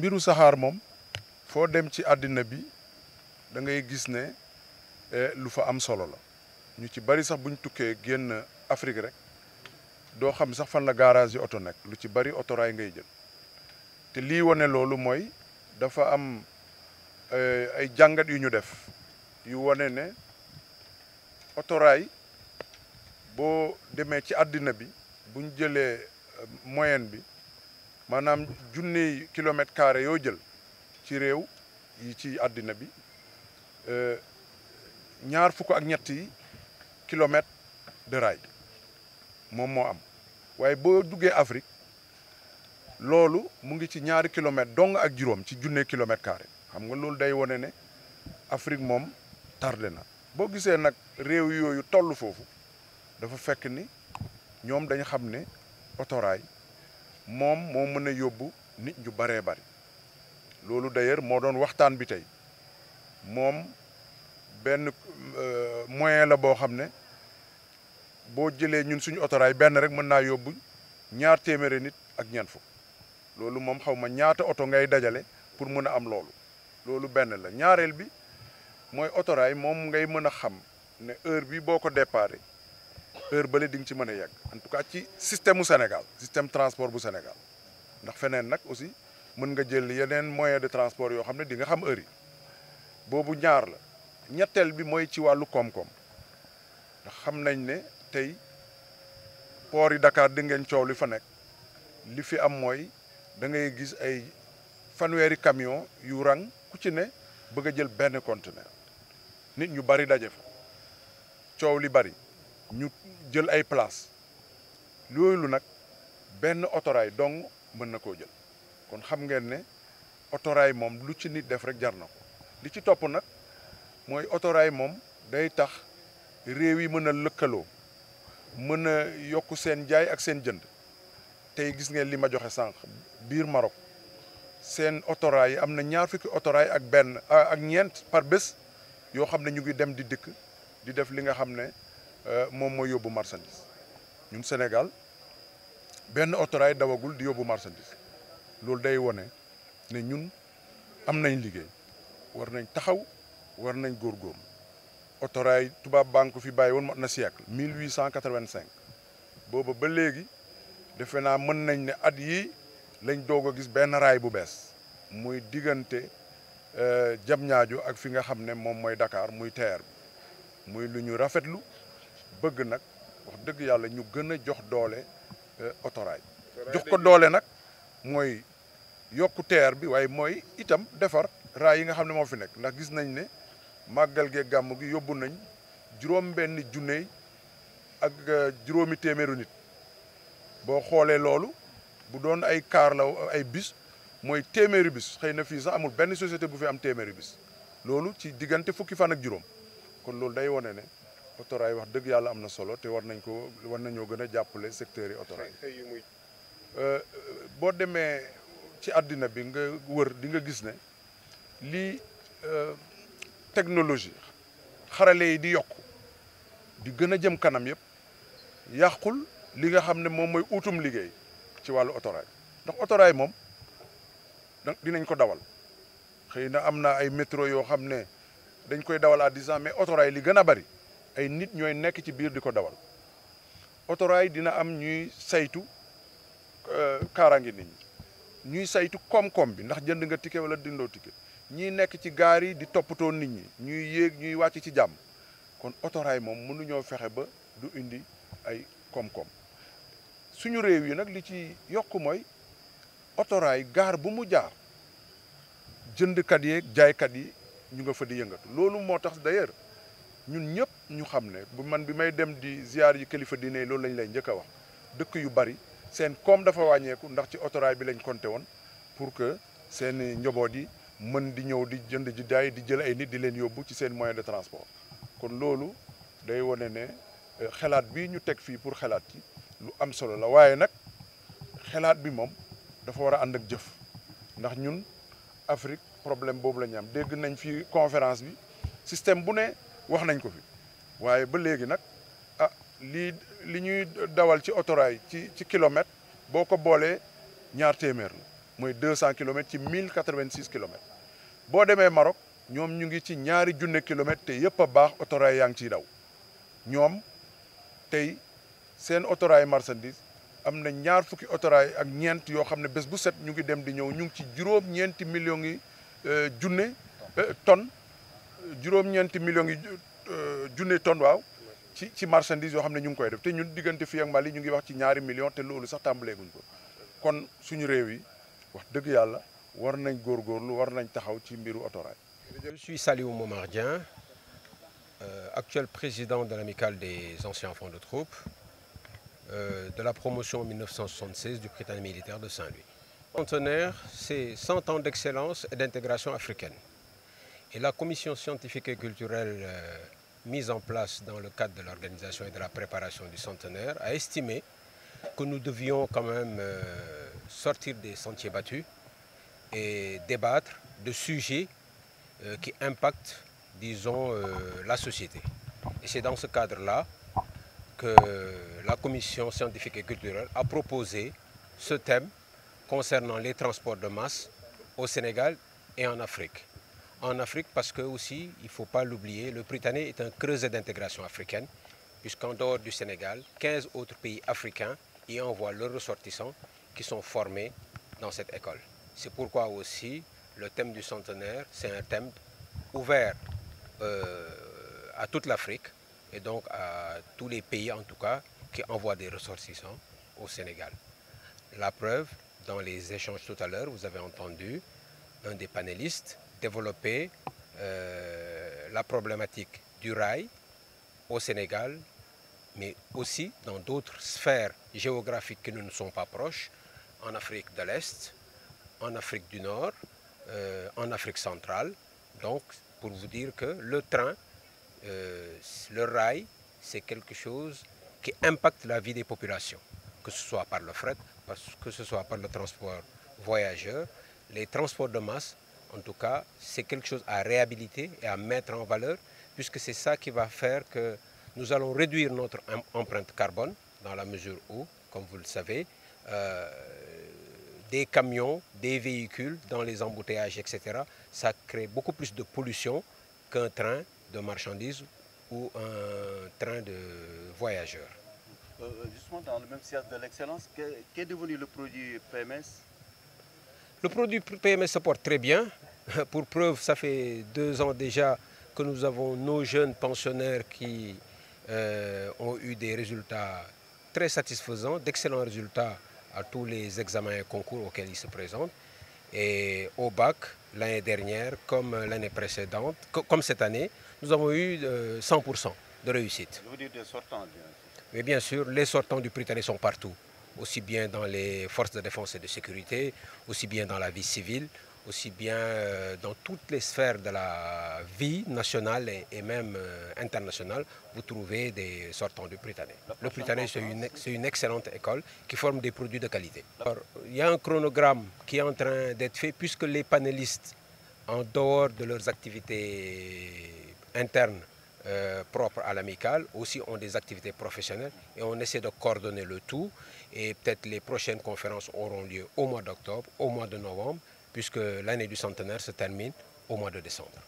mbiru saxaar moom foo dem ci àddina bi da ngay gis ne eh, lu fa am solo la ñu ci bari sax buñ tukkee génn Afrique rek doo xam sax fan la garage yi oto nekk lu ci bari otoraay ngay jël te lii wane loolu mooy dafa am eh, ay jàngat yu ñu def yu wane ne otoraay boo demee ci àddina bi buñ jëlee eh, moyenne bi maanaam junni kilomètre carré yoo jël ci réew yi ci àddina bi euh, ñaar fukk ak ñetti kilomètre de moom moo am waaye boo duggee Afrique loolu mu ngi ci ñaari kilomètre dong ak juróom ci junne kilomètre carré xam nga loolu day wane ne Afrique moom tardé na boo gisee nag réew yooyu toll foofu dafa fekk ni ñoom dañu xam ne otoraay moom moo mën a yóbbu nit ñu baree bari loolu d'ailleurs moo doon waxtaan bi tey moom benn euh, moyen la boo xam ne boo jëlee ñun suñu otoraay benn rek mën naa yóbbu ñaar téeméeri nit ak ñeent fukk loolu moom xaw ma ñaata oto ngay dajale pour mën a am loolu loolu benn la ñaareel bi mooy otoraay moom ngay mën a xam ne heure bi boo ko déparé heure ba di nga ci mën a yegg en tout cas ci système mu Sénégal système transport bu Sénégal ndax feneen nag aussi mën nga jël yeneen moyen de transport yoo xam ne di nga xam heure yi boobu ñaar la ñetteel bi mooy ci wàllu koom-koom ndax xam nañ ne tey poor yi dakaar di ngeen coow li fa nekk li fi am mooy dangay gis ay fanweeri camion yu rang ku ci ne bëgg a jël benn conteneur nit ñu bari daje fa coow li bari ñu jël ay place loolu nag benn otoraay dong mën na koo jël kon xam ngeen ne otoraay moom lu ci nit def rek jar na ko li ci topp nag mooy otoraay moom day tax réew yi mën a lëkkaloo mën a yokk seen jaay ak seen jënd tey gis ngeen li ma joxe sànq biir Maroc seen otoraay yi am na ñaar fukki otoraay ak benn ak ñeent par bés yoo xam ne ñu ngi dem di dikk di def li nga xam ne Euh, moom mooy yóbbu marchandise ñun Sénégal benn autorail dawagul di yóbbu marchandise loolu day wone ne ñun am nañ liggéey war nañ taxaw war nañ góor góorgóorlu autorail tubaab banque fi bàyyi woon mot na siècle 1885 booba ba léegi defe naa mën nañ ne at yi lañ doog a gis benn raay bu bees muy diggante euh, Diamniadio ak fi nga xam ne moom mooy dakaar muy TER bi muy lu ñu rafetlu bëgg nag wax dëgg yàlla ñu gën a jox doole euh, autorail jox ko doole nag mooy yokku teer bi waaye mooy itam defar raay yi nga xam ne moo fi nekk ndax gis nañ ne màggal gee gàmm gi yóbbu nañ juróom benn junne ak euh, juróomi téeméeru nit boo xoolee loolu bu doon ay kaar la ay bis mooy téeméeri bis xëy na fii sax amul benn société bu fi am téeméeri bis loolu ci diggante fukki fan ak juróom kon loolu day wone ne autorail wax dëgg yàlla am na solo te war nañ ko war nañoo gën a jàppale secteur yi autorail euh, boo demee ci àddina bi nga wër di nga gis ne lii euh, technologie xarale yi di yokk di gën a jëm kanam yëpp yàqul li nga xam ne moom mooy utum liggéey ci wàllu autorail ndax autorail moom dinañ ko dawal xëy na am na ay métro yoo xam ne dañ koy dawal à dix mais autorail li gën a bari ay nit ñooy nekk ci biir di ko dawal autorail dina am ñuy saytu euh, kaaraange nit ñi ñuy saytu koom-koom bi ndax jënd nga ticket wala dindoo ticket ñiy nekk ci gaar yi di toppatoo nit ñi ñuy yéeg ñuy wàcc ci jàmm kon autorail moom mënuñoo fexe ba du indi ay koom-koom suñu réew yi nag li ci yokk mooy autorail gaar bu mu jaar jëndkat yeeg jaaykat yi ñu nga fa di yëngatu loolu moo tax d'ailleurs ñun ñëpp ñu xam ne bu man bi may dem di ziar yi kilifa diine loolu lañu lay njëkk a wax dëkk yu bari seen koom dafa wàññeeku ndax ci autorail bi lañ konte woon pour que seen i njaboot yi mën di ñëw di jënd ji daay di jël ay nit di leen yóbbu ci seen moyen de transport. kon loolu day wane ne euh, xalaat bi ñu teg fii pour xelaat ci lu am solo la waaye nag xalaat bi moom dafa war a ànd ak jëf ndax ñun Afrique problème boobu la am dégg nañ fii conférence bi système bu ne. wax nañ ko fi waaye ba léegi nag a ah, lii li ñuy dawal ci autorail ci ci kilomètre boo ko boolee ñaar téeméer la mooy 200 kilomètres ci 1086 kilomètres boo demee Maroc ñoom ñu ngi ci ñaari junne kilomètres te yëpp a baax autorail yaa ngi ciy daw ñoom tey seen autorail marchandise am na ñaar fukki autorail ak ñeent yoo xam ne bés bu set ñu ngi dem di ñëw ñu ngi ci juróom ñeenti millions yi euh, junne euh, tonne juróom-ñeenti millions yi euh, junne tonne waaw ci ci marchandise yoo xam ne ñu ngi koy def te ñun diggante fii Mali ñu ngi wax ci ñaari millions te loolu sax tàmbaleeguñ ko kon suñu réew yi wax dëgg yàlla war nañ góorgóorlu war nañ taxaw ci mbiru autorail. Je suis Saliou Momar Dieng euh, actuel président de l'amicale des anciens enfants de troupe euh, de la promotion 1976 du Prytanée militaire de Saint-Louis. Centenaire, c'est 100 ans d'excellence et d'intégration africaine. Et la commission scientifique et culturelle euh, mise en place dans le cadre de l'organisation et de la préparation du centenaire a estimé que nous devions quand même euh, sortir des sentiers battus et débattre de sujets euh, qui impactent, euh, la société. Et c'est dans ce cadre-là que la commission scientifique et culturelle a proposé ce thème concernant les transports de masse au Sénégal et en Afrique. en Afrique parce que aussi, il ne faut pas l'oublier, le Britannique est un creuset d'intégration africaine, puisqu'en dehors du Sénégal, 15 autres pays africains y envoient leurs ressortissants qui sont formés dans cette école. C'est pourquoi aussi le thème du centenaire, c'est un thème ouvert euh, à toute l'Afrique et donc à tous les pays en tout cas qui envoient des ressortissants au Sénégal. La preuve, dans les échanges tout à l'heure, vous panélistes développer euh, la problématique du rail au Sénégal, mais aussi dans d'autres sphères géographiques qui ne nous sont pas proches, en Afrique de l'Est, en Afrique du Nord, euh, en Afrique centrale. Donc, pour vous dire que le train, euh, le rail, c'est quelque chose qui impacte la vie des populations, que ce soit par le fret, que ce soit par le transport voyageur, les transports de masse En tout cas, c'est quelque chose à réhabiliter et à mettre en valeur, puisque c'est ça qui va faire que nous allons réduire notre empreinte carbone, dans la mesure où, comme vous le savez, euh, des camions, des véhicules dans les embouteillages, etc., ça crée beaucoup plus de pollution qu'un train de marchandises ou un train de voyageurs. Euh, euh justement, dans le même cercle de l'excellence, qu'est devenu le produit PMS Le produit PME se porte très bien. Pour preuve, ça fait deux ans déjà que nous avons nos jeunes pensionnaires qui euh, ont eu des résultats très satisfaisants, d'excellents résultats à tous les examens et concours auxquels ils se présentent. Et au bac, l'année dernière, comme l'année précédente, comme cette année, nous avons eu 100% euh, de réussite. Je veux dire des sortants, bien sûr. Mais bien sûr, les sortants du Britannique sont partout. aussi bien dans les forces de défense et de sécurité, aussi bien dans la vie civile, aussi bien euh, dans toutes les sphères de la vie nationale et même euh, internationale, vous trouvez des sortants du Britannique. Le Britannique, c'est une, une, excellente école qui forme des produits de qualité. Alors, il y a un chronogramme qui est en train d'être fait puisque les panélistes, en dehors de leurs activités internes, euh, propres à l'amicale, aussi des activités professionnelles et on essaie de coordonner le tout. Et peut-être les prochaines conférences auront lieu au mois d'octobre, au mois de novembre, puisque l'année du centenaire se termine au mois de décembre.